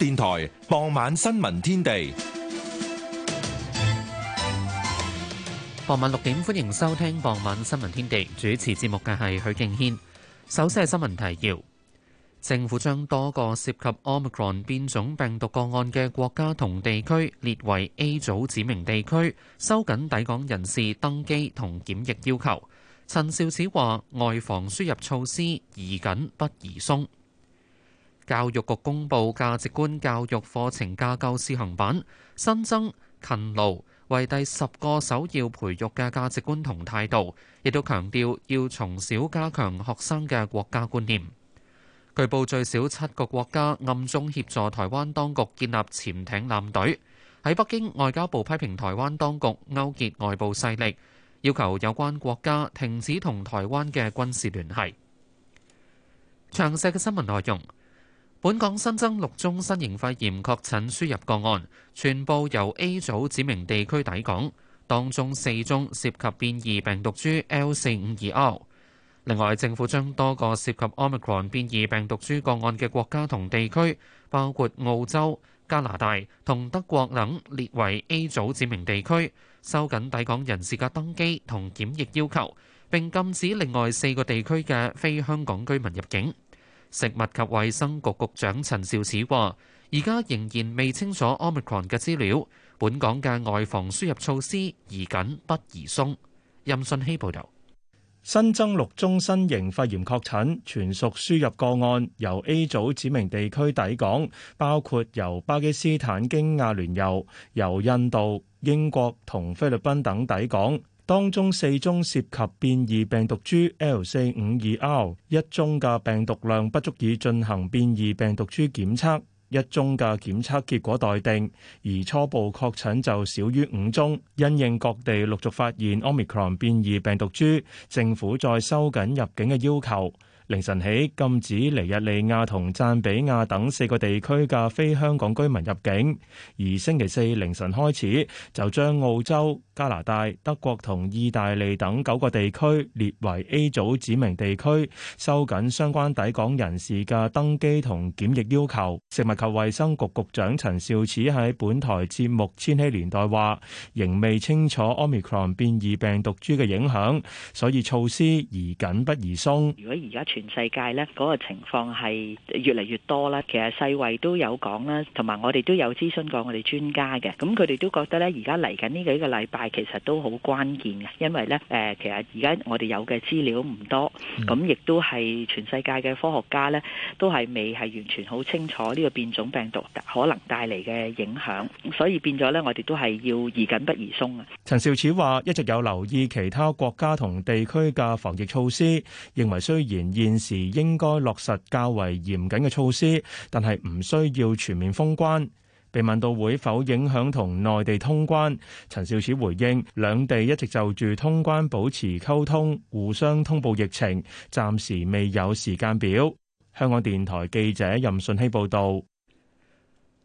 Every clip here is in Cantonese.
電台傍晚新聞天地，傍晚六點，歡迎收聽傍晚新聞天地。主持節目嘅係許敬軒。首先係新聞提要：政府將多個涉及 Omicron 變種病毒個案嘅國家同地區列為 A 組指明地區，收緊抵港人士登機同檢疫要求。陳肇始話：外防輸入措施宜緊不宜鬆。教育局公布價值觀教育課程架構試行版，新增勤勞為第十個首要培育嘅價值觀同態度，亦都強調要從小加強學生嘅國家觀念。據報最少七個國家暗中協助台灣當局建立潛艇艦隊。喺北京，外交部批評台灣當局勾結外部勢力，要求有關國家停止同台灣嘅軍事聯繫。詳細嘅新聞內容。本港新增六宗新型肺炎確診輸入個案，全部由 A 組指明地區抵港，當中四宗涉及變異病毒株 L452R。另外，政府將多個涉及 Omicron 變異病毒株個案嘅國家同地區，包括澳洲、加拿大同德國等，列為 A 組指明地區，收緊抵港人士嘅登機同檢疫要求，並禁止另外四個地區嘅非香港居民入境。食物及衛生局局長陳肇始話，而家仍然未清楚 Omicron 嘅資料，本港嘅外防輸入措施宜緊不宜鬆。任信希報道，新增六宗新型肺炎確診，全屬輸入個案，由 A 組指明地區抵港，包括由巴基斯坦經阿聯酋、由印度、英國同菲律賓等抵港。當中四宗涉及變異病毒株 L 四五二 R，一宗嘅病毒量不足以進行變異病毒株檢測，一宗嘅檢測結果待定，而初步確診就少於五宗。因應各地陸續發現 Omicron 變異病毒株，政府再收緊入境嘅要求。凌晨起禁止尼日利亞同贊比亞等四個地區嘅非香港居民入境，而星期四凌晨開始就將澳洲、加拿大、德國同意大利等九個地區列為 A 組指明地區，收緊相關抵港人士嘅登機同檢疫要求。食物及衛生局局長陳肇始喺本台節目《千禧年代》話仍未清楚 Omicron 變異病毒株嘅影響，所以措施宜緊不宜鬆。如果而家全全世界呢嗰個情況係越嚟越多啦，其實世衛都有講啦，同埋我哋都有諮詢過我哋專家嘅，咁佢哋都覺得咧，而家嚟緊呢幾個禮拜其實都好關鍵嘅，因為咧誒，其實而家我哋有嘅資料唔多，咁亦都係全世界嘅科學家咧都係未係完全好清楚呢個變種病毒可能帶嚟嘅影響，所以變咗咧，我哋都係要宜緊不宜鬆啊。陳肇始話一直有留意其他國家同地區嘅防疫措施，認為雖然現現時應該落實較為嚴謹嘅措施，但係唔需要全面封關。被問到會否影響同內地通關，陳肇始回應：兩地一直就住通關保持溝通，互相通報疫情，暫時未有時間表。香港電台記者任順希報道。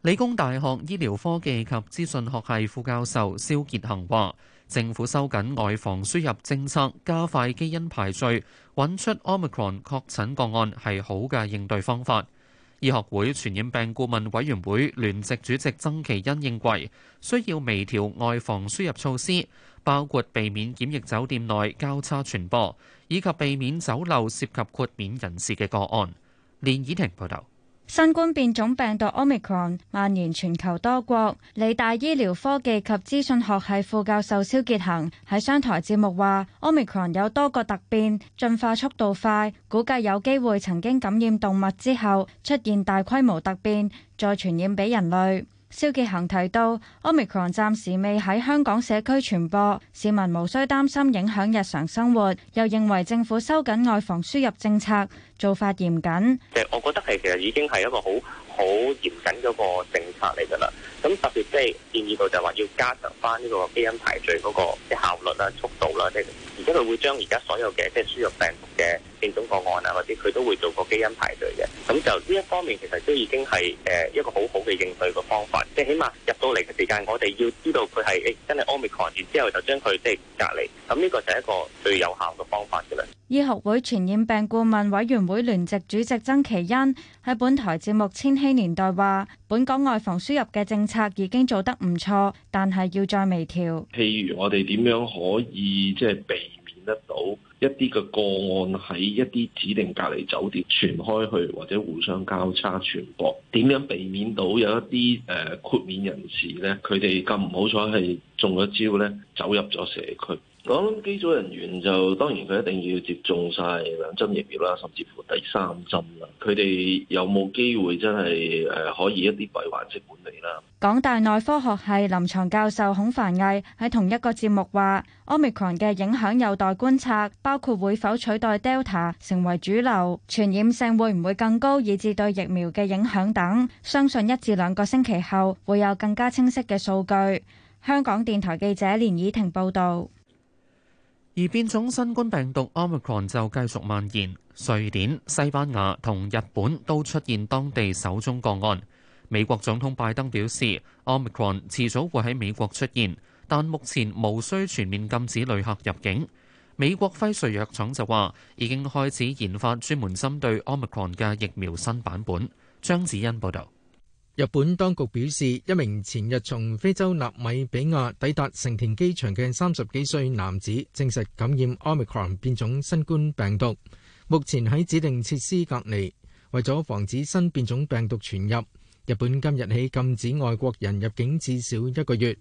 理工大學醫療科技及資訊學系副教授蕭傑恆話。政府收緊外防輸入政策，加快基因排序，揾出 Omicron 確診個案係好嘅應對方法。醫學會傳染病顧問委員會聯席主席曾其恩認為，需要微調外防輸入措施，包括避免檢疫酒店內交叉傳播，以及避免走漏涉及豁免人士嘅個案。連以婷報道。新冠變種病毒 Omicron 蔓延全球多國，理大醫療科技及資訊學系副教授蕭傑恒喺商台節目話：Omicron 有多個突變，進化速度快，估計有機會曾經感染動物之後出現大規模突變，再傳染俾人類。蕭傑恒提到，Omicron 暫時未喺香港社區傳播，市民無需擔心影響日常生活，又認為政府收緊外防輸入政策，做法嚴謹，即係我覺得係其實已經係一個好好嚴謹嗰個政策嚟噶啦。咁特別即係建議到就係話要加強翻呢個基因排序嗰個即效率啦、速度啦。即係而家佢會將而家所有嘅即係輸入病毒嘅變種個案啊，或者佢都會做個基因排序嘅。咁就呢一方面其實都已經係誒一個好好嘅應對嘅方法，即係起碼入到嚟嘅時間，我哋要知道佢係誒真係 omicron 然之後就將佢即係隔離。咁呢個就係一個最有效嘅方法噶啦。醫學會傳染病顧問委員會聯席主席曾其恩喺本台節目《千禧年代》話：本港外防輸入嘅政策已經做得唔錯，但係要再微調。譬如我哋點樣可以即係避免得到一啲嘅個案喺一啲指定隔離酒店傳開去，或者互相交叉傳播？點樣避免到有一啲誒豁免人士咧，佢哋咁唔好彩係中咗招咧，走入咗社區？我諗機組人員就當然佢一定要接種晒兩針疫苗啦，甚至乎第三針啦。佢哋有冇機會真係誒可以一啲閉環式管理啦？港大內科學系臨床教授孔凡毅喺同一個節目話：，Omicron 嘅影響有待觀察，包括會否取代 Delta 成為主流，傳染性會唔會更高，以至對疫苗嘅影響等。相信一至兩個星期後會有更加清晰嘅數據。香港電台記者連以婷報道。而變種新冠病毒 Omicron 就繼續蔓延，瑞典、西班牙同日本都出現當地首宗個案。美國總統拜登表示，Omicron 遲早會喺美國出現，但目前無需全面禁止旅客入境。美國輝瑞藥廠就話，已經開始研發專門針對 Omicron 嘅疫苗新版本。張子欣報導。日本當局表示，一名前日從非洲納米比亞抵達成田機場嘅三十幾歲男子，證實感染 Omicron 變種新冠病毒，目前喺指定設施隔離。為咗防止新變種病毒傳入，日本今日起禁止外國人入境至少一個月。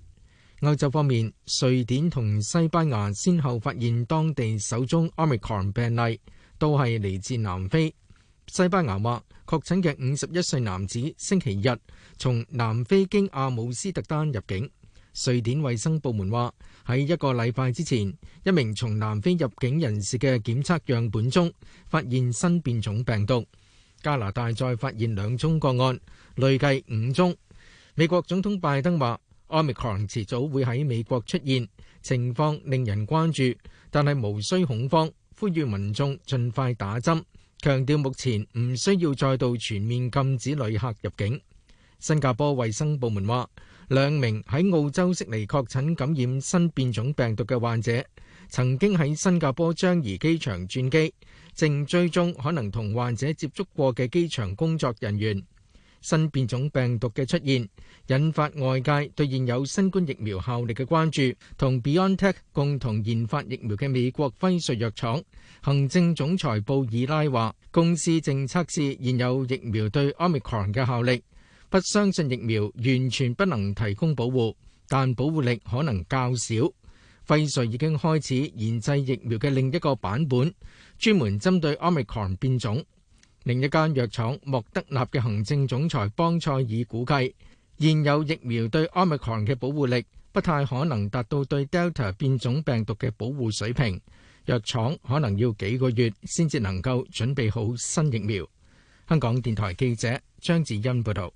歐洲方面，瑞典同西班牙先後發現當地首宗 Omicron 病例，都係嚟自南非。西班牙話。確診嘅五十一歲男子星期日從南非經阿姆斯特丹入境。瑞典衛生部門話喺一個禮拜之前，一名從南非入境人士嘅檢測樣本中發現新變種病毒。加拿大再發現兩宗個案，累計五宗。美國總統拜登話：Omicron 遲早會喺美國出現，情況令人關注，但係無需恐慌，呼籲民眾盡快打針。強調目前唔需要再度全面禁止旅客入境。新加坡衛生部門話，兩名喺澳洲悉尼確診感染新變種病毒嘅患者，曾經喺新加坡樟宜機場轉機，正追蹤可能同患者接觸過嘅機場工作人員。新變種病毒嘅出現，引發外界對現有新冠疫苗效力嘅關注。同 BioNTech 共同研發疫苗嘅美國輝瑞藥廠行政總裁布爾拉話：公司正測試現有疫苗對 Omicron 嘅效力，不相信疫苗完全不能提供保護，但保護力可能較少。輝瑞已經開始研製疫苗嘅另一個版本，專門針對 Omicron 變種。另一間藥廠莫德納嘅行政總裁邦塞爾估計，現有疫苗對奧密克戎嘅保護力不太可能達到對 Delta 變種病毒嘅保護水平，藥廠可能要幾個月先至能夠準備好新疫苗。香港電台記者張志欣報道，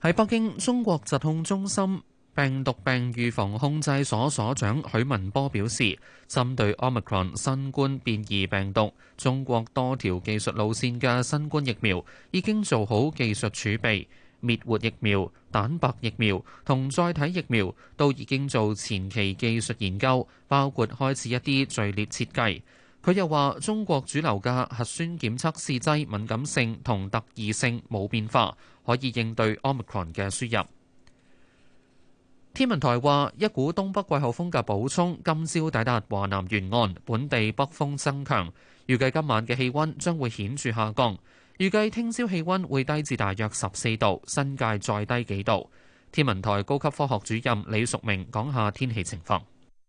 喺北京中國疾控中心病毒病預防控制所所長許文波表示，針對 omicron 新冠變異病毒，中國多條技術路線嘅新冠疫苗已經做好技術儲備，滅活疫苗、蛋白疫苗同載體疫苗都已經做前期技術研究，包括開始一啲序列設計，佢又話中國主流嘅核酸檢測試劑敏感性同特異性冇變化，可以應對 omicron 嘅輸入。天文台話，一股東北季候風嘅補充今朝抵達華南沿岸，本地北風增強，預計今晚嘅氣温將會顯著下降，預計聽朝氣温會低至大約十四度，新界再低幾度。天文台高級科學主任李淑明講下天氣情況。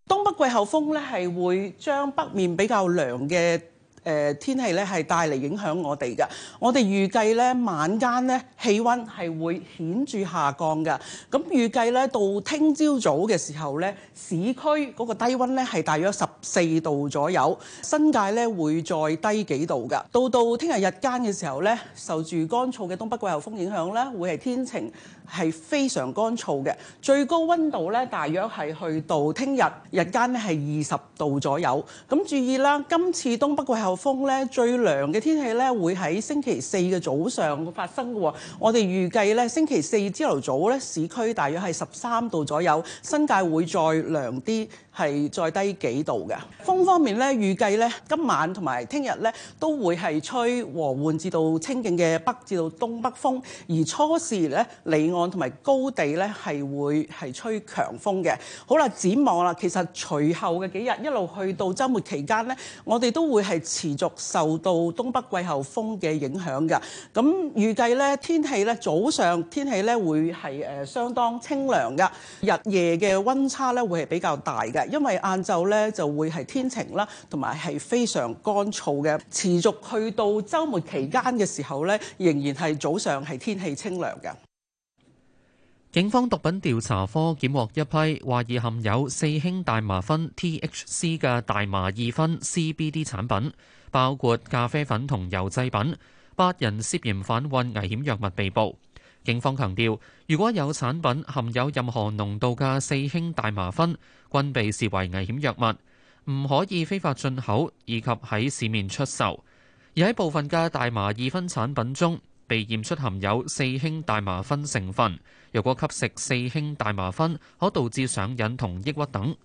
東北季候風呢係會將北面比較涼嘅。誒、呃、天氣咧係帶嚟影響我哋嘅，我哋預計咧晚間咧氣温係會顯著下降嘅。咁預計咧到聽朝早嘅時候咧，市區嗰個低温咧係大約十四度左右，新界咧會再低幾度噶。到到聽日日間嘅時候咧，受住乾燥嘅東北季候風影響咧，會係天晴。係非常乾燥嘅，最高温度呢，大約係去到聽日日間咧係二十度左右。咁注意啦，今次東北季候風呢，最涼嘅天氣呢，會喺星期四嘅早上發生嘅。我哋預計呢，星期四朝頭早呢，市區大約係十三度左右，新界會再涼啲。係再低幾度嘅。風方面咧，預計咧，今晚同埋聽日咧都會係吹和緩至到清勁嘅北至到東北風，而初時咧離岸同埋高地咧係會係吹強風嘅。好啦，展望啦，其實隨後嘅幾日一路去到周末期間咧，我哋都會係持續受到東北季候風嘅影響嘅。嗯，咁預計咧，天氣咧早上天氣咧會係誒相當清涼嘅，日夜嘅温差咧會係比較大嘅。因為晏晝咧就會係天晴啦，同埋係非常乾燥嘅，持續去到周末期間嘅時候咧，仍然係早上係天氣清涼嘅。警方毒品調查科檢獲一批懷疑含有四氫大麻酚 （THC） 嘅大麻二酚 （CBD） 產品，包括咖啡粉同油製品，八人涉嫌販運危險藥物被捕。警方強調，如果有產品含有任何濃度嘅四氫大麻酚，均被視為危險藥物，唔可以非法進口以及喺市面出售。而喺部分嘅大麻二酚產品中，被驗出含有四氫大麻酚成分。若果吸食四氫大麻酚，可導致上癮同抑鬱等。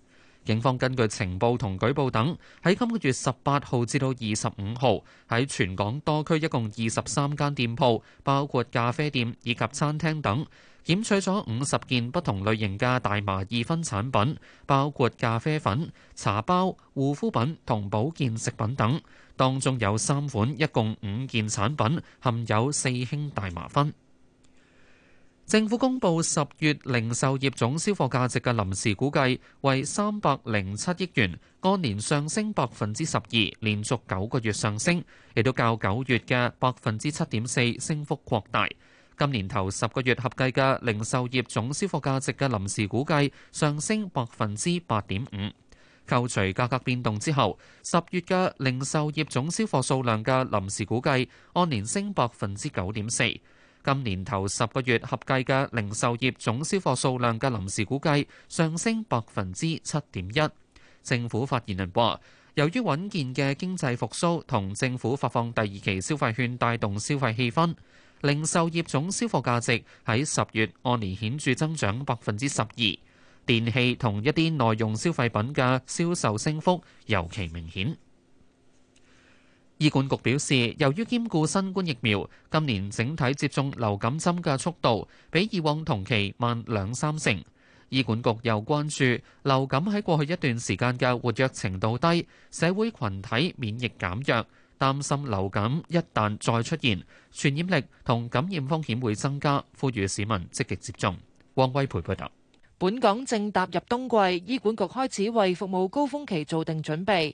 警方根據情報同舉報等，喺今個月十八號至到二十五號喺全港多區一共二十三間店鋪，包括咖啡店以及餐廳等，檢取咗五十件不同類型嘅大麻二酚產品，包括咖啡粉、茶包、護膚品同保健食品等，當中有三款，一共五件產品含有四氫大麻酚。政府公布十月零售業總銷貨價值嘅臨時估計為三百零七億元，按年上升百分之十二，連續九個月上升，亦都較九月嘅百分之七點四升幅擴大。今年頭十個月合計嘅零售業總銷貨價值嘅臨時估計上升百分之八點五，扣除價格變動之後，十月嘅零售業總銷貨數量嘅臨時估計按年升百分之九點四。今年頭十個月合計嘅零售業總銷貨數量嘅臨時估計上升百分之七點一。政府發言人話：由於穩健嘅經濟復甦同政府發放第二期消費券帶動消費氣氛，零售業總銷貨價值喺十月按年顯著增長百分之十二，電器同一啲耐用消費品嘅銷售升幅尤其明顯。醫管局表示，由於兼顧新冠疫苗，今年整體接種流感針嘅速度比以往同期慢兩三成。醫管局又關注流感喺過去一段時間嘅活躍程度低，社會羣體免疫力減弱，擔心流感一旦再出現，傳染力同感染風險會增加，呼籲市民積極接種。汪威培報導。本港正踏入冬季，醫管局開始為服務高峯期做定準備。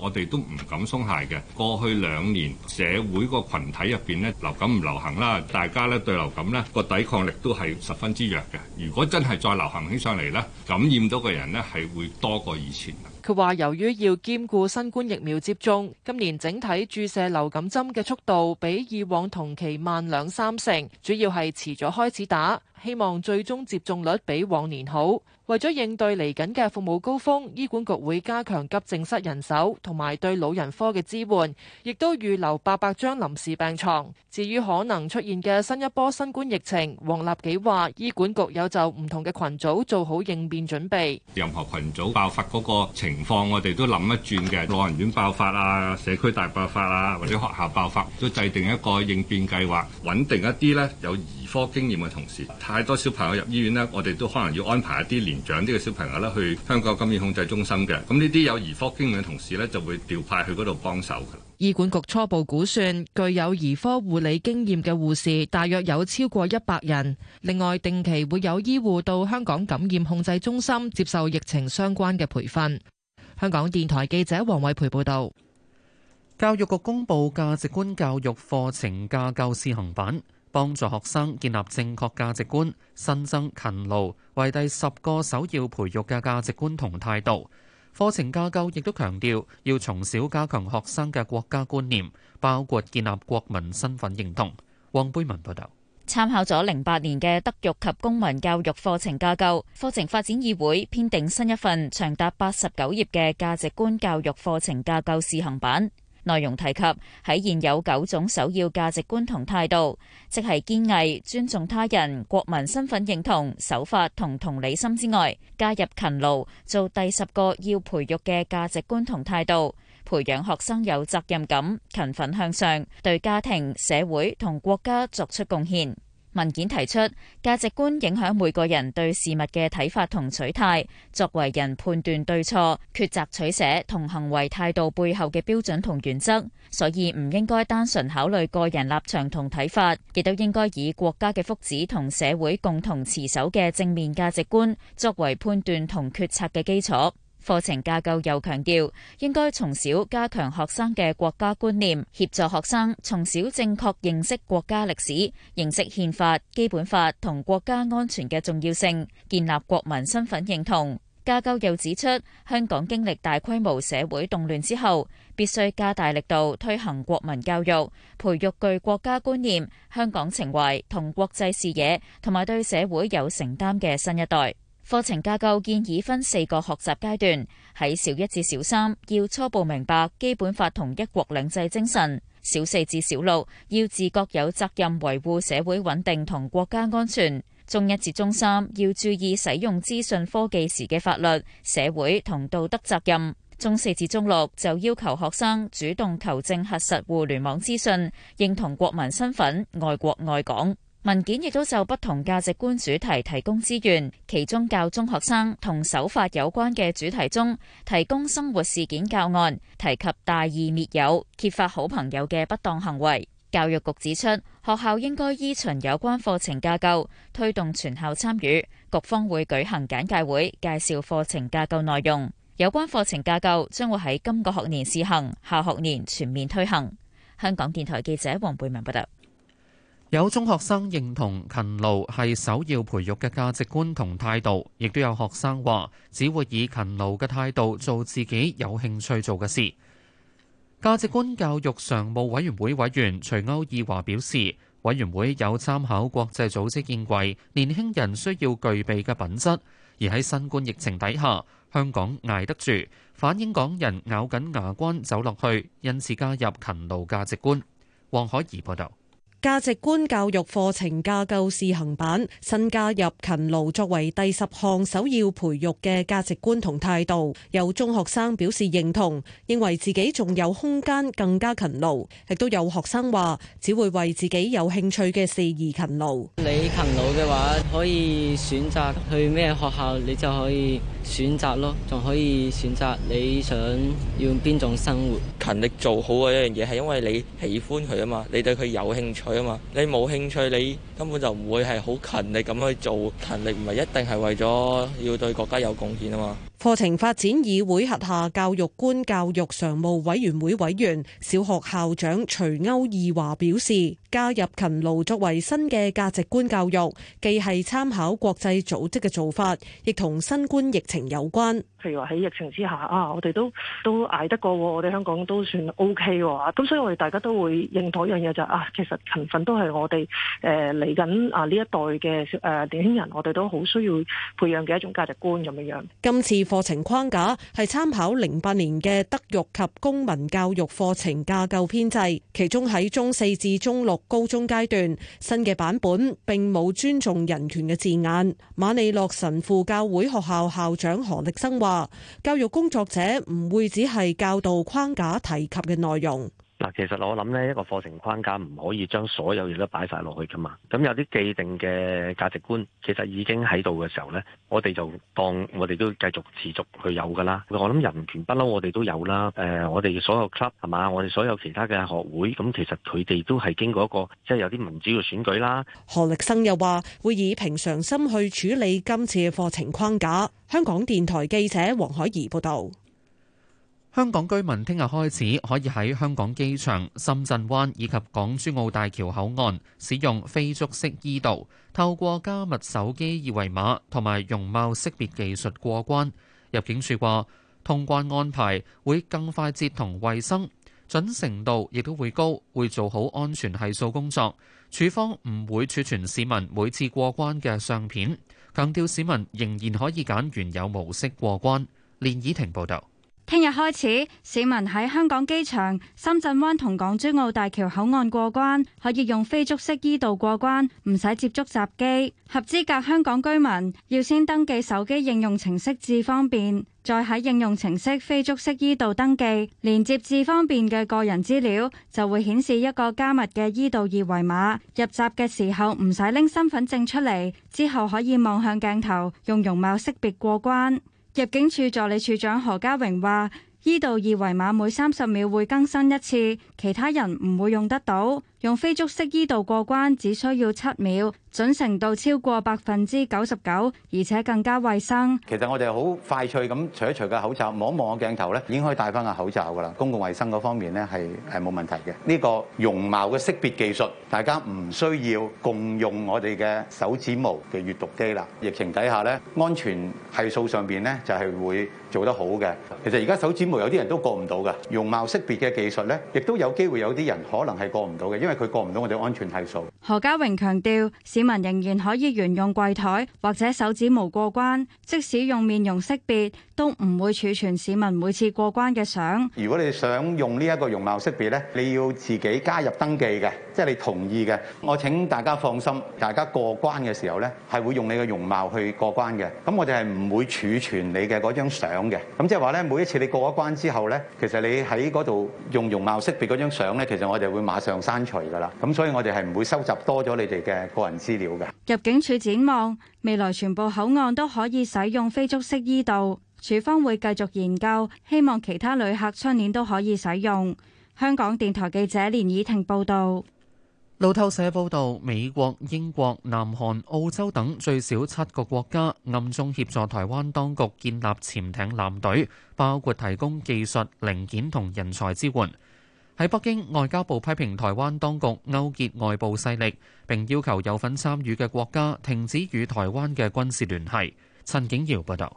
我哋都唔敢鬆懈嘅。過去兩年，社會個群體入邊咧，流感唔流行啦，大家咧對流感咧個抵抗力都係十分之弱嘅。如果真係再流行起上嚟咧，感染到嘅人咧係會多過以前。佢話：由於要兼顧新冠疫苗接種，今年整體注射流感針嘅速度比以往同期慢兩三成，主要係遲咗開始打，希望最終接種率比往年好。為咗應對嚟緊嘅服務高峰，醫管局會加強急症室人手，同埋對老人科嘅支援，亦都預留八百張臨時病床。至於可能出現嘅新一波新冠疫情，黃立己話：醫管局有就唔同嘅群組做好應變準備。任何群組爆發嗰個情況，我哋都諗一轉嘅。老人院爆發啊，社區大爆發啊，或者學校爆發，都制定一個應變計劃，穩定一啲呢，有兒科經驗嘅同事，太多小朋友入醫院呢，我哋都可能要安排一啲年。長啲嘅小朋友咧，去香港感染控制中心嘅。咁呢啲有兒科經驗嘅同事咧，就會調派去嗰度幫手。醫管局初步估算，具有兒科護理經驗嘅護士大約有超過一百人。另外，定期會有醫護到香港感染控制中心接受疫情相關嘅培訓。香港電台記者黃偉培報道。教育局公布價值觀教育課程架構試行版，幫助學生建立正確價值觀，新增勤勞為第十個首要培育嘅價值觀同態度。課程架構亦都強調要從小加強學生嘅國家觀念，包括建立國民身份認同。黃貝文報導。參考咗零八年嘅德育及公民教育課程架構，課程發展議會編定新一份長達八十九頁嘅價值觀教育課程架構試行版。內容提及，喺現有九種首要價值觀同態度，即係堅毅、尊重他人、國民身份認同、守法同同理心之外，加入勤勞，做第十個要培育嘅價值觀同態度，培養學生有責任感、勤奮向上，對家庭、社會同國家作出貢獻。文件提出，價值觀影響每個人對事物嘅睇法同取態，作為人判斷對錯、抉擇取捨同行為態度背後嘅標準同原則，所以唔應該單純考慮個人立場同睇法，亦都應該以國家嘅福祉同社會共同持守嘅正面價值觀作為判斷同決策嘅基礎。課程架構又強調應該從小加強學生嘅國家觀念，協助學生從小正確認識國家歷史、認識憲法、基本法同國家安全嘅重要性，建立國民身份認同。架構又指出，香港經歷大規模社會動亂之後，必須加大力度推行國民教育，培育具國家觀念、香港情懷同國際視野，同埋對社會有承擔嘅新一代。課程架構建議分四個學習階段：喺小一至小三要初步明白基本法同一國兩制精神；小四至小六要自覺有責任維護社會穩定同國家安全；中一至中三要注意使用資訊科技時嘅法律、社會同道德責任；中四至中六就要求學生主動求證核實互聯網資訊，認同國民身份，愛國愛港。文件亦都就不同價值觀主題提供資源，其中教中學生同守法有關嘅主題中，提供生活事件教案，提及大義滅友、揭發好朋友嘅不當行為。教育局指出，學校應該依循有關課程架構，推動全校參與。局方會舉行簡介會，介紹課程架構內容。有關課程架構將會喺今個學年試行，下學年全面推行。香港電台記者黃貝文報道。有中學生認同勤勞係首要培育嘅價值觀同態度，亦都有學生話只會以勤勞嘅態度做自己有興趣做嘅事。價值觀教育常務委員會委員徐區懿華表示，委員會有參考國際組織認為年輕人需要具備嘅品質，而喺新冠疫情底下，香港捱得住，反映港人咬緊牙關走落去，因此加入勤勞價值觀。黃海怡報道。價值觀教育課程架構試行版新加入勤勞作為第十項首要培育嘅價值觀同態度，有中學生表示認同，認為自己仲有空間更加勤勞，亦都有學生話只會為自己有興趣嘅事而勤勞。你勤勞嘅話，可以選擇去咩學校，你就可以。選擇咯，仲可以選擇你想要邊種生活。勤力做好嘅一樣嘢，係因為你喜歡佢啊嘛，你對佢有興趣啊嘛。你冇興趣，你根本就唔會係好勤力咁去做。勤力唔係一定係為咗要對國家有貢獻啊嘛。課程發展議會轄下教育官教育常務委員會委員、小學校長徐歐義華表示，加入勤勞作為新嘅價值觀教育，既係參考國際組織嘅做法，亦同新冠疫情有關。譬如話喺疫情之下啊，我哋都都捱得過，我哋香港都算 OK 啊。咁所以我哋大家都會認同一樣嘢就係啊，其實勤奮都係我哋誒嚟緊啊呢一代嘅誒年輕人，我哋都好需要培養嘅一種價值觀咁樣樣。今次。課程框架係參考零八年嘅德育及公民教育課程架構編制，其中喺中四至中六高中階段，新嘅版本並冇尊重人權嘅字眼。瑪利諾神父教會學校校校長何力生話，教育工作者唔會只係教導框架提及嘅內容。其實我諗呢一個課程框架唔可以將所有嘢都擺晒落去噶嘛。咁有啲既定嘅價值觀，其實已經喺度嘅時候呢，我哋就當我哋都繼續持續去有噶啦。我諗人權不嬲，我哋都有啦。誒，我哋所有 club 係嘛，我哋所有其他嘅學會，咁其實佢哋都係經過一個，即係有啲民主嘅選舉啦。何力生又話：會以平常心去處理今次嘅課程框架。香港電台記者黃海怡報道。香港居民聽日開始可以喺香港機場、深圳灣以及港珠澳大橋口岸使用非足式醫道，透過加密手機二維碼同埋容貌識別技術過關。入境處話通關安排會更快捷同衛生，準程度亦都會高，會做好安全係數工作。處方唔會儲存市民每次過關嘅相片，強調市民仍然可以揀原有模式過關。連倚婷報道。聽日開始，市民喺香港機場、深圳灣同港珠澳大橋口岸過關，可以用非觸式 e 道過關，唔使接觸閘機。合資格香港居民要先登記手機應用程式智方便，再喺應用程式非觸式 e 道登記，連接智方便嘅個人資料，就會顯示一個加密嘅 e 道二維碼。入閘嘅時候唔使拎身份證出嚟，之後可以望向鏡頭，用容貌識別過關。入境處助理處長何家榮話：e 道二維碼每三十秒會更新一次，其他人唔會用得到。用非足式 e 道過關，只需要七秒。準程度超過百分之九十九，而且更加衞生。其實我哋好快脆咁除一除個口罩，望一望個鏡頭咧，已經可以戴翻個口罩噶啦。公共衞生嗰方面咧，係係冇問題嘅。呢個容貌嘅識別技術，大家唔需要共用我哋嘅手指模嘅閲讀機啦。疫情底下咧，安全係數上邊咧就係會做得好嘅。其實而家手指模有啲人都過唔到嘅，容貌識別嘅技術咧，亦都有機會有啲人可能係過唔到嘅，因為佢過唔到我哋安全係數。何家榮強調。市民仍然可以沿用櫃台或者手指模過關，即使用面容識別都唔會儲存市民每次過關嘅相。如果你想用呢一個容貌識別咧，你要自己加入登記嘅，即係你同意嘅。我請大家放心，大家過關嘅時候咧係會用你嘅容貌去過關嘅，咁我哋係唔會儲存你嘅嗰張相嘅。咁即係話咧，每一次你過咗關之後咧，其實你喺嗰度用容貌識別嗰張相咧，其實我哋會馬上刪除噶啦。咁所以我哋係唔會收集多咗你哋嘅個人資料入境處展望未來，全部口岸都可以使用非足式醫道。處方會繼續研究，希望其他旅客出年都可以使用。香港電台記者連以婷報導。路透社報導，美國、英國、南韓、澳洲等最少七個國家暗中協助台灣當局建立潛艇艦隊，包括提供技術零件同人才支援。喺北京，外交部批評台灣當局勾結外部勢力，並要求有份參與嘅國家停止與台灣嘅軍事聯繫，陳景耀報道。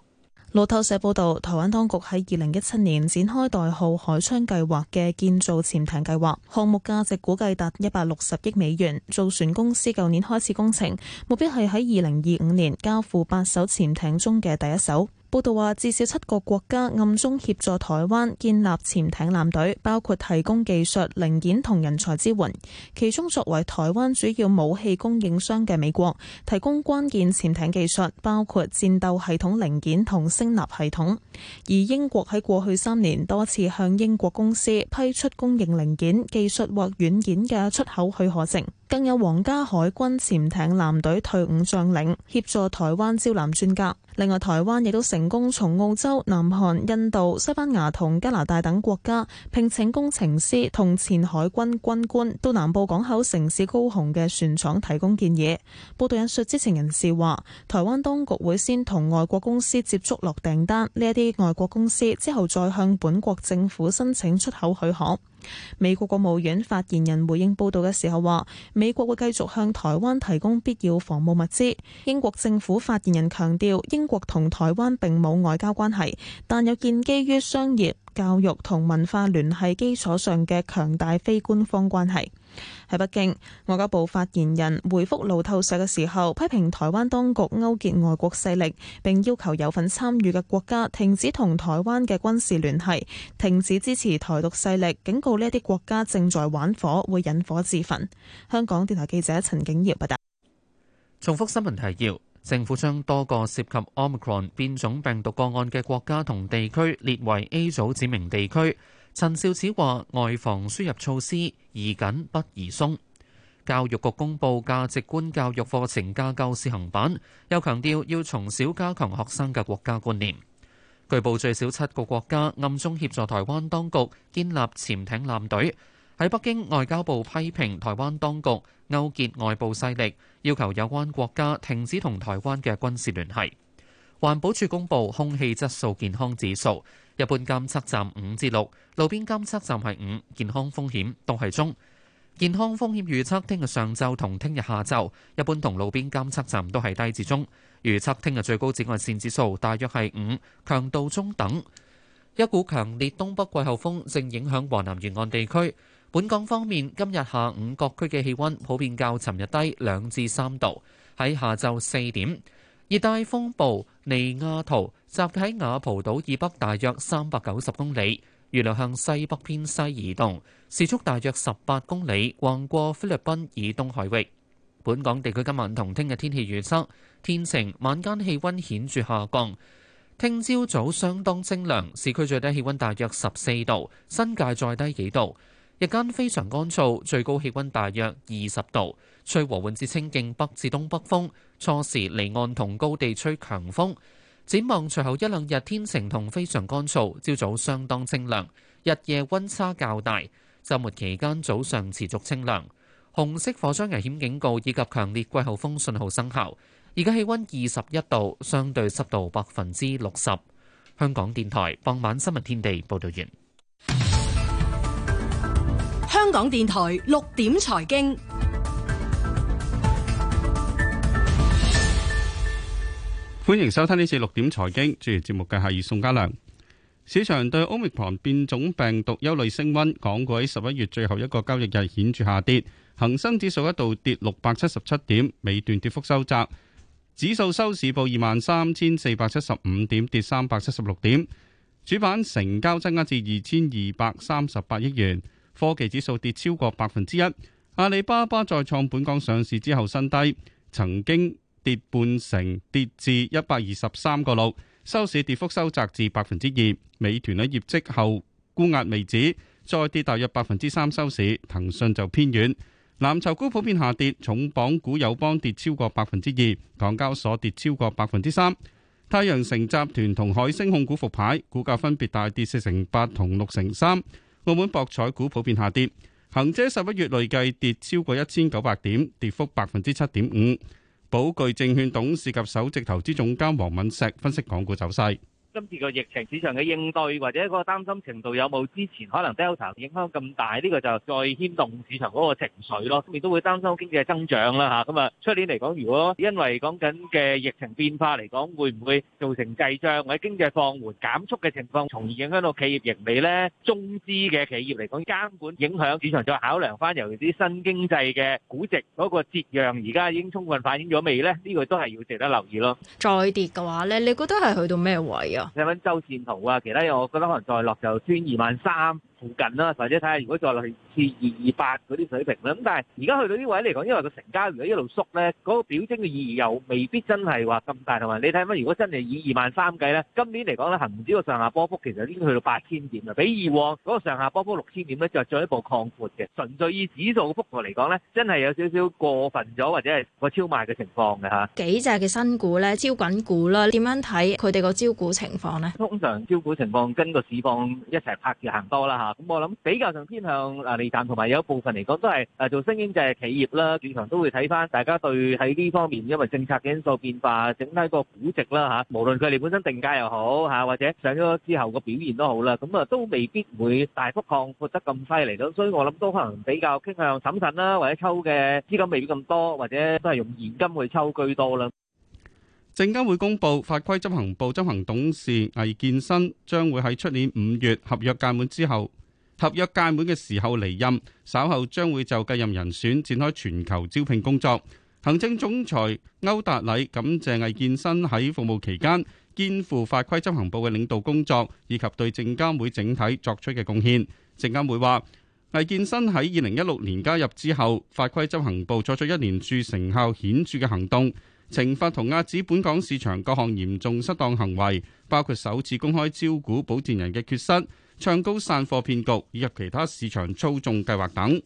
路透社報道，台灣當局喺二零一七年展開代號海昌計劃嘅建造潛艇計劃，項目價值估計達一百六十億美元。造船公司舊年開始工程，目標係喺二零二五年交付八艘潛艇中嘅第一艘。報道話，至少七個國家暗中協助台灣建立潛艇艦隊，包括提供技術零件同人才支援。其中，作為台灣主要武器供應商嘅美國，提供關鍵潛艇技術，包括戰鬥系統零件同聲納系統。而英國喺過去三年多次向英國公司批出供應零件、技術或軟件嘅出口許可證。更有皇家海軍潛艇艦隊退伍將領協助台灣招攬專家，另外台灣亦都成功從澳洲、南韓、印度、西班牙同加拿大等國家聘請工程師同前海軍軍官到南部港口城市高雄嘅船廠提供建議。報道引述知情人士話：台灣當局會先同外國公司接觸落訂單，呢一啲外國公司之後再向本國政府申請出口許可。美國國務院發言人回應報道嘅時候話，美國會繼續向台灣提供必要防務物資。英國政府發言人強調，英國同台灣並冇外交關係，但有建基於商業。教育同文化聯繫基礎上嘅強大非官方關係。喺北京，外交部發言人回覆路透社嘅時候，批評台灣當局勾結外國勢力，並要求有份參與嘅國家停止同台灣嘅軍事聯繫，停止支持台獨勢力，警告呢一啲國家正在玩火，會引火自焚。香港電台記者陳景業報道。重複新聞提要。政府將多個涉及 Omicron 變種病毒個案嘅國家同地區列為 A 組指明地區。陳肇始話：外防輸入措施宜緊不宜鬆。教育局公布價值觀教育課程架構試行版，又強調要從小加強學生嘅國家觀念。據報最少七個國家暗中協助台灣當局建立潛艇艦隊。喺北京外交部批評台灣當局勾結外部勢力，要求有關國家停止同台灣嘅軍事聯繫。環保署公布空氣質素健康指數，一般監測站五至六，路邊監測站係五，健康風險都係中。健康風險預測聽日上晝同聽日下晝，一般同路邊監測站都係低至中。預測聽日最高紫外線指數大約係五，強度中等。一股強烈東北季候風正影響華南沿岸地區。本港方面，今日下午各區嘅氣溫普遍較尋日低兩至三度。喺下晝四點，熱帶風暴尼亞圖集結喺雅浦島以北大約三百九十公里，預料向西北偏西移動，時速大約十八公里，橫過菲律賓以東海域。本港地區今晚同聽日天氣預測天晴，晚間氣溫顯著下降，聽朝早相當清涼，市區最低氣溫大約十四度，新界再低幾度。日間非常乾燥，最高氣溫大約二十度，吹和緩至清勁北至東北風。初時離岸同高地吹強風。展望隨後一兩日天晴同非常乾燥，朝早相當清涼，日夜温差較大。周末期間早上持續清涼。紅色火災危險警告以及強烈季候風信號生效。而家氣溫二十一度，相對濕度百分之六十。香港電台傍晚新聞天地報道完。香港電台六點財經，歡迎收聽呢次六點財經。主持節目嘅係宋家良。市場對 Omicron 變種病毒憂慮升溫，港股喺十一月最後一個交易日顯著下跌。恒生指數一度跌六百七十七點，尾段跌幅收窄，指數收市報二萬三千四百七十五點，跌三百七十六點。主板成交增加至二千二百三十八億元。科技指數跌超過百分之一，阿里巴巴再創本港上市之後新低，曾經跌半成，跌至一百二十三個六，收市跌幅收窄至百分之二。美團喺業績後沽壓未止，再跌大約百分之三，收市騰訊就偏軟。藍籌股普遍下跌，重磅股友邦跌超過百分之二，港交所跌超過百分之三。太陽城集團同海星控股復牌，股價分別大跌四成八同六成三。澳門博彩股普遍下跌，恒指十一月累計跌超過一千九百點，跌幅百分之七點五。寶具證券董事及首席投資總監黃敏石分析港股走勢。今次個疫情市場嘅應對，或者嗰個擔心程度有冇之前可能 Delta 影響咁大？呢個就再牽動市場嗰個情緒咯，亦都會擔心經濟嘅增長啦嚇。咁啊，出年嚟講，如果因為講緊嘅疫情變化嚟講，會唔會造成滯脹或者經濟放緩減速嘅情況，從而影響到企業盈利咧？中資嘅企業嚟講，監管影響市場，再考量返，尤其啲新經濟嘅估值嗰個折讓，而家已經充分反映咗未咧？呢個都係要值得留意咯。再跌嘅話咧，你覺得係去到咩位啊？睇翻周線圖啊，其他嘢我覺得可能再落就穿二萬三。 附近啦，或者睇下如果再落去至二二八嗰啲水平咧。咁但係而家去到呢位嚟講，因為個成交如果一路縮咧，嗰個表徵嘅意義又未必真係話咁大同埋。你睇翻如果真係以二萬三計咧，今年嚟講咧，恆指個上下波幅其實已經去到八千點啦，比以往嗰個上下波幅六千點咧就進一步擴闊嘅。純粹以指數嘅幅度嚟講咧，真係有少少過分咗或者係個超賣嘅情況嘅嚇。幾隻嘅新股咧，招緊股啦，點樣睇佢哋個招股情況咧？通常招股情況跟個市況一齊拍住行多啦。咁我諗比較上偏向啊利淡同埋有一部分嚟講都係誒做新經濟嘅企業啦，經常都會睇翻大家對喺呢方面，因為政策嘅因素變化，整體個估值啦吓，無論佢哋本身定價又好吓，或者上咗之後個表現都好啦，咁啊都未必會大幅擴闊得咁犀利，所以我諗都可能比較傾向審慎啦，或者抽嘅資金未必咁多，或者都係用現金去抽居多啦。證監會，公布法規執行部執行董事魏建新將會喺出年五月合約屆滿之後，合約屆滿嘅時候離任，稍後將會就繼任人選展開全球招聘工作。行政總裁歐達禮感謝魏建新喺服務期間肩負法規執行部嘅領導工作，以及對證監會整體作出嘅貢獻。證監會話，魏建新喺二零一六年加入之後，法規執行部作出一連串成效顯著嘅行動。懲罰同壓止本港市場各項嚴重失當行為，包括首次公開招股保薦人嘅缺失、唱高散貨騙局以及其他市場操縱計劃等。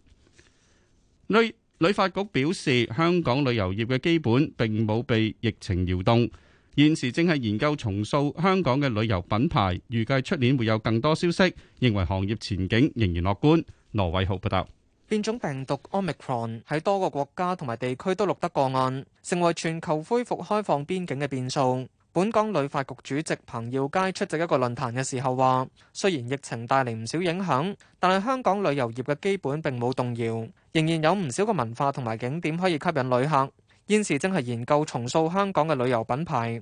旅旅發局表示，香港旅遊業嘅基本並冇被疫情搖動，現時正係研究重塑香港嘅旅遊品牌，預計出年會有更多消息，認為行業前景仍然樂觀。羅偉豪報道。變種病毒 Omicron 喺多個國家同埋地區都錄得個案，成為全球恢復開放邊境嘅變數。本港旅發局主席彭耀佳出席一個論壇嘅時候話，雖然疫情帶嚟唔少影響，但係香港旅遊業嘅基本並冇動搖，仍然有唔少個文化同埋景點可以吸引旅客。現時正係研究重塑香港嘅旅遊品牌。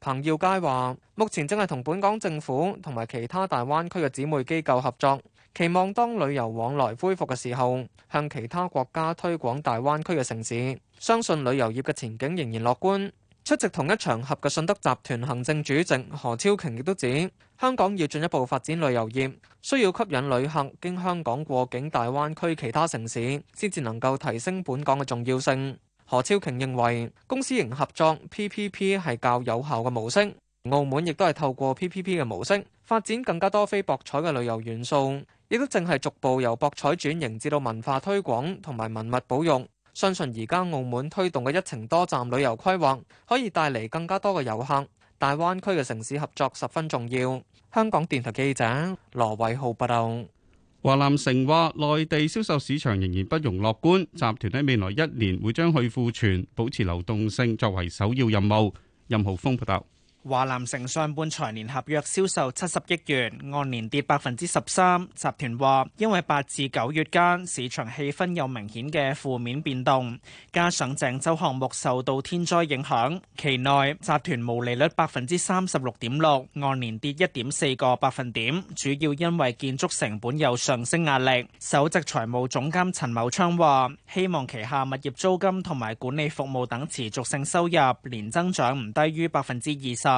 彭耀佳話，目前正係同本港政府同埋其他大灣區嘅姊妹機構合作，期望當旅遊往來恢復嘅時候，向其他國家推廣大灣區嘅城市。相信旅遊業嘅前景仍然樂觀。出席同一場合嘅信德集團行政主席何超瓊亦都指，香港要進一步發展旅遊業，需要吸引旅客經香港過境大灣區其他城市，先至能夠提升本港嘅重要性。何超瓊認為公私營合作 P P P 係較有效嘅模式，澳門亦都係透過 P P P 嘅模式發展更加多非博彩嘅旅遊元素，亦都正係逐步由博彩轉型至到文化推廣同埋文物保育。相信而家澳門推動嘅一程多站旅遊規劃可以帶嚟更加多嘅遊客，大灣區嘅城市合作十分重要。香港電台記者羅偉浩報道。華南城話，內地銷售市場仍然不容樂觀，集團喺未來一年會將去庫存、保持流動性作為首要任務。任浩峰報道。華南城上半財年合約銷售七十億元，按年跌百分之十三。集團話，因為八至九月間市場氣氛有明顯嘅負面變動，加上鄭州項目受到天災影響，期內集團毛利率百分之三十六點六，按年跌一點四個百分點，主要因為建築成本有上升壓力。首席財務總監陳茂昌話，希望旗下物業租金同埋管理服務等持續性收入年增長唔低於百分之二十。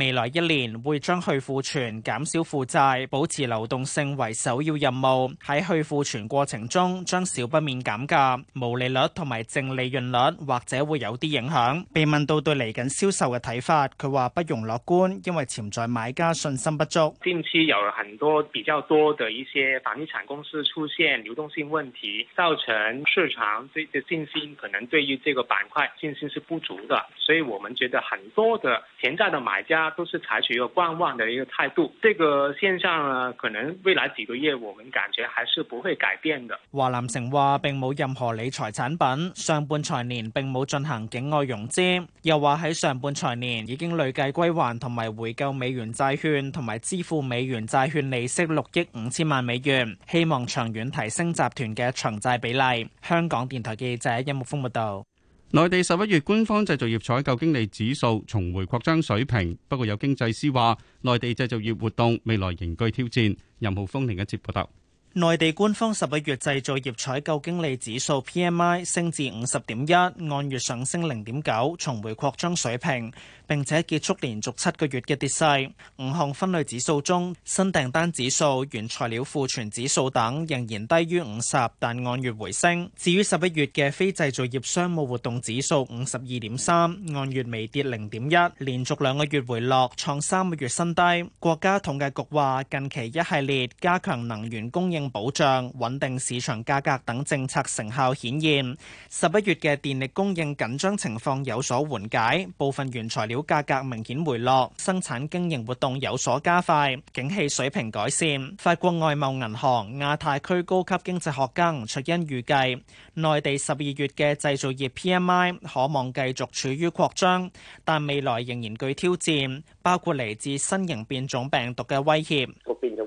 未來一年會將去庫存、減少負債、保持流動性為首要任務。喺去庫存過程中，將少不免減價，毛利率同埋淨利潤率或者會有啲影響。被問到對嚟緊銷售嘅睇法，佢話不容樂觀，因為潛在買家信心不足。近期有很多比較多的一些房地產公司出現流動性問題，造成市場對的信心可能對於這個板塊信心是不足的，所以我們覺得很多的潛在的買家。都是採取一個觀望的一個態度，這個現象呢，可能未來幾個月我們感覺還是不會改變的。華南城話，並冇任何理財產品，上半財年並冇進行境外融資，又話喺上半財年已經累計歸還同埋回購美元債券，同埋支付美元債券利息六億五千萬美元，希望長遠提升集團嘅長債比例。香港電台記者任木峰報道。內地十一月官方製造業採購經理指數重回擴張水平，不過有經濟師話，內地製造業活動未來仍具挑戰。任浩峰另一節報道。內地官方十一月製造業採購經理指數 PMI 升至五十點一，按月上升零點九，重回擴張水平，並且結束連續七個月嘅跌勢。五項分類指數中，新訂單指數、原材料庫存指數等仍然低於五十，但按月回升。至於十一月嘅非製造業商務活動指數五十二點三，按月微跌零點一，連續兩個月回落，創三個月新低。國家統計局話，近期一系列加強能源供應。保障、穩定市場價格等政策成效顯現，十一月嘅電力供應緊張情況有所緩解，部分原材料價格明顯回落，生產經營活動有所加快，景氣水平改善。法國外貿銀行亞太區高級經濟學家吳卓恩預計，內地十二月嘅製造業 PMI 可望繼續處於擴張，但未來仍然具挑戰，包括嚟自新型變種病毒嘅威脅。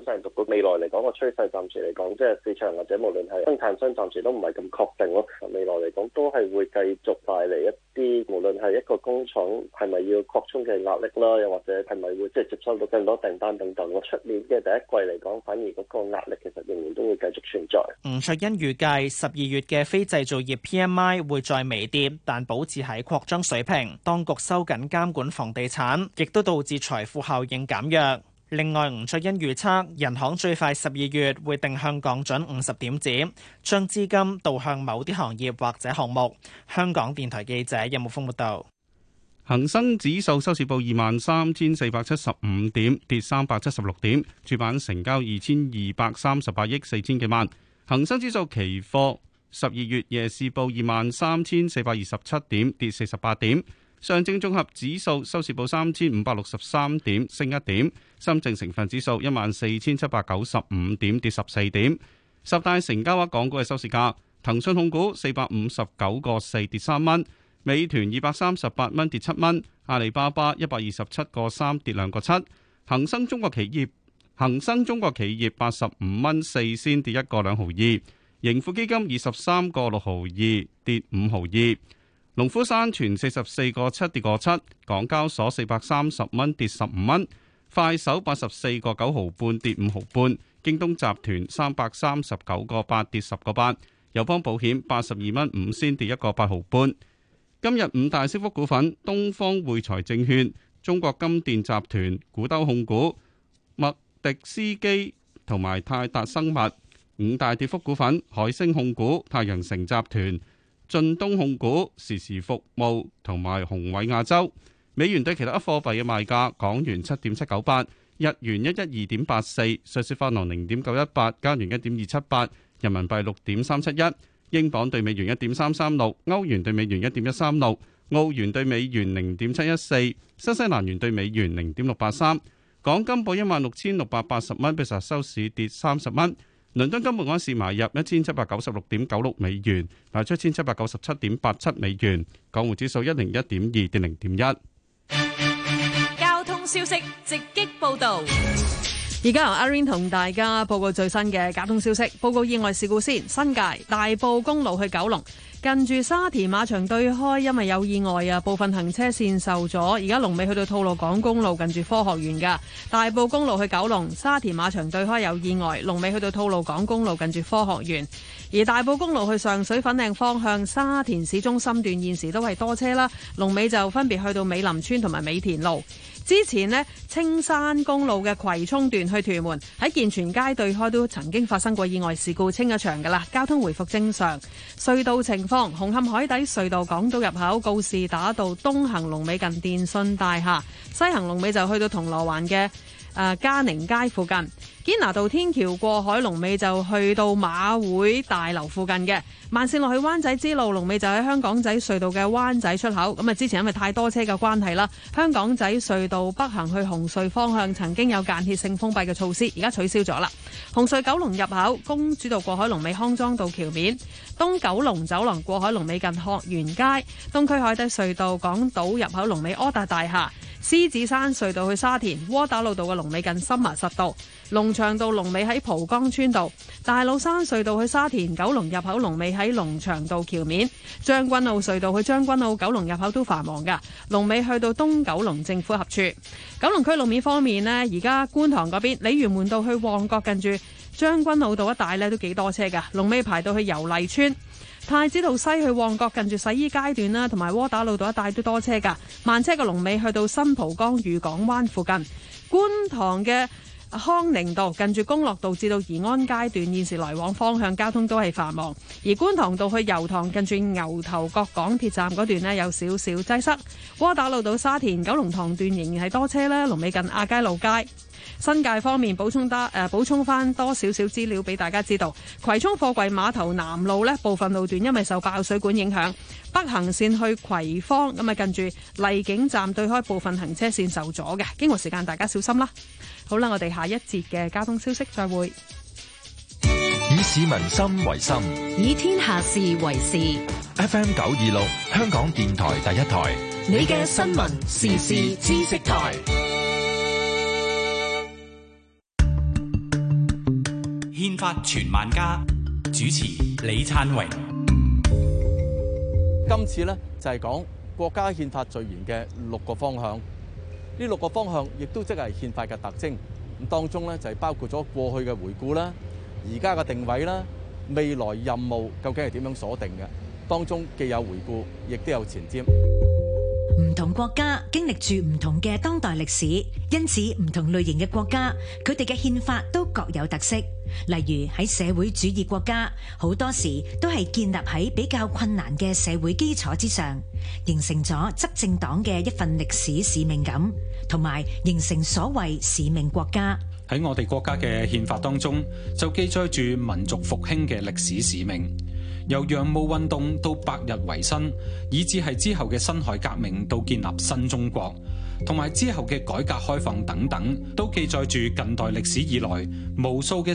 製造個未來嚟講，個趨勢暫時嚟講，即係市場或者無論係生產商，暫時都唔係咁確定咯。未來嚟講，都係會繼續帶嚟一啲，無論係一個工廠係咪要擴充嘅壓力啦，又或者係咪會即係接收到更多訂單等等。我出年嘅第一季嚟講，反而嗰個壓力其實仍然都會繼續存在吳。吳卓欣預計，十二月嘅非製造業 PMI 會再微跌，但保持喺擴張水平。當局收緊監管房地產，亦都導致財富效應減弱。另外，吳卓欣預測，人行最快十二月會定向降準五十點點子，將資金導向某啲行業或者項目。香港電台記者任木峰報道。恒生指數收市報二萬三千四百七十五點，跌三百七十六點，主板成交二千二百三十八億四千幾萬。恒生指數期貨十二月夜市報二萬三千四百二十七點，跌四十八點。上證綜合指數收市報三千五百六十三點，升一點；深證成分指數一萬四千七百九十五點，跌十四點。十大成交額港股嘅收市價：騰訊控股四百五十九個四，跌三蚊；美團二百三十八蚊，跌七蚊；阿里巴巴一百二十七個三，跌兩個七；恒生中國企業恒生中國企業八十五蚊四先，跌一個兩毫二；盈富基金二十三個六毫二，跌五毫二。農夫山泉四十四個七跌個七，港交所四百三十蚊跌十五蚊，快手八十四個九毫半跌五毫半，京東集團三百三十九個八跌十個八，友邦保險八十二蚊五仙跌一個八毫半。今日五大升幅股份：東方匯財證券、中國金電集團、古兜控股、麥迪斯基同埋泰達生物；五大跌幅股份：海星控股、太陽城集團。駿東控股、時時服務同埋宏偉亞洲。美元對其他貨幣嘅賣價：港元七點七九八，日元一一二點八四，瑞士法郎零點九一八，加元一點二七八，人民幣六點三七一，英鎊對美元一點三三六，歐元對美元一點一三六，澳元對美元零點七一四，新西蘭元對美元零點六八三。港金報一萬六千六百八十蚊，比上收市跌三十蚊。倫敦金每盎司買入一千七百九十六點九六美元，賣出一千七百九十七點八七美元，港匯指數一零一點二跌零點一。交通消息直擊報道，而家由阿 Rain 同大家報告最新嘅交通消息，報告意外事故先，新界大埔公路去九龍。近住沙田馬場對開，因為有意外啊，部分行車線受阻。而家龍尾去到吐露港公路，近住科學園噶大埔公路去九龍。沙田馬場對開有意外，龍尾去到吐露港公路，近住科學園。而大埔公路去上水粉嶺方向，沙田市中心段現時都係多車啦。龍尾就分別去到美林村同埋美田路。之前呢，青山公路嘅葵涌段去屯門，喺健全街對開都曾經發生過意外事故，清一場噶啦，交通回復正常。隧道情況，紅磡海底隧道港島入口告士打道東行龍尾近電信大廈，西行龍尾就去到銅鑼灣嘅。誒嘉寧街附近，堅拿道天橋過海龍尾就去到馬會大樓附近嘅慢線，落去灣仔之路龍尾就喺香港仔隧道嘅灣仔出口。咁啊，之前因為太多車嘅關係啦，香港仔隧道北行去紅隧方向曾經有間歇性封閉嘅措施，而家取消咗啦。紅隧九龍入口，公主道過海龍尾康莊道橋面，東九龍走廊過海龍尾近鶴園街，東區海底隧道港島入口龍尾柯達大廈。獅子山隧道去沙田窩打老道嘅龍尾近森麻實道，龍翔道龍尾喺蒲崗村道；大老山隧道去沙田九龍入口龍尾喺龍翔道橋面，將軍澳隧道去將軍澳九龍入口都繁忙嘅，龍尾去到東九龍政府合署。九龍區路面方面呢，而家觀塘嗰邊鯉魚門道去旺角近住將軍澳道一帶咧都幾多車嘅，龍尾排到去油麗邨。太子道西去旺角近住洗衣街段啦，同埋窩打老道一帶都多車㗎，慢車嘅龍尾去到新蒲崗御港灣附近，觀塘嘅康寧道近住公樂道至到宜安街段，現時來往方向交通都係繁忙。而觀塘道去油塘近住牛頭角港鐵站嗰段呢，有少少擠塞，窩打老道沙田九龍塘段仍然係多車啦，龍尾近亞皆老街。新界方面補充多誒，補充翻多少少資料俾大家知道。葵涌貨櫃碼頭南路咧，部分路段，因為受爆水管影響，北行線去葵芳咁啊，近住麗景站對開部分行車線受阻嘅。經過時間，大家小心啦。好啦，我哋下一節嘅交通消息，再會。以市民心為心，以天下事為事。F M 九二六，香港電台第一台，你嘅新聞時事知識台。法全萬家主持李燦榮，今次呢，就係、是、講國家憲法序言嘅六個方向。呢六個方向亦都即係憲法嘅特徵。咁當中呢，就係、是、包括咗過去嘅回顧啦，而家嘅定位啦，未來任務究竟係點樣鎖定嘅？當中既有回顧，亦都有前瞻。唔同國家經歷住唔同嘅當代歷史，因此唔同類型嘅國家，佢哋嘅憲法都各有特色。例如喺社會主義國家，好多時都係建立喺比較困難嘅社會基礎之上，形成咗執政黨嘅一份歷史使命感，同埋形成所謂使命國家。喺我哋國家嘅憲法當中，就記載住民族復興嘅歷史使命。由洋務運動到百日維新，以至係之後嘅辛亥革命到建立新中國，同埋之後嘅改革開放等等，都記載住近代歷史以來無數嘅。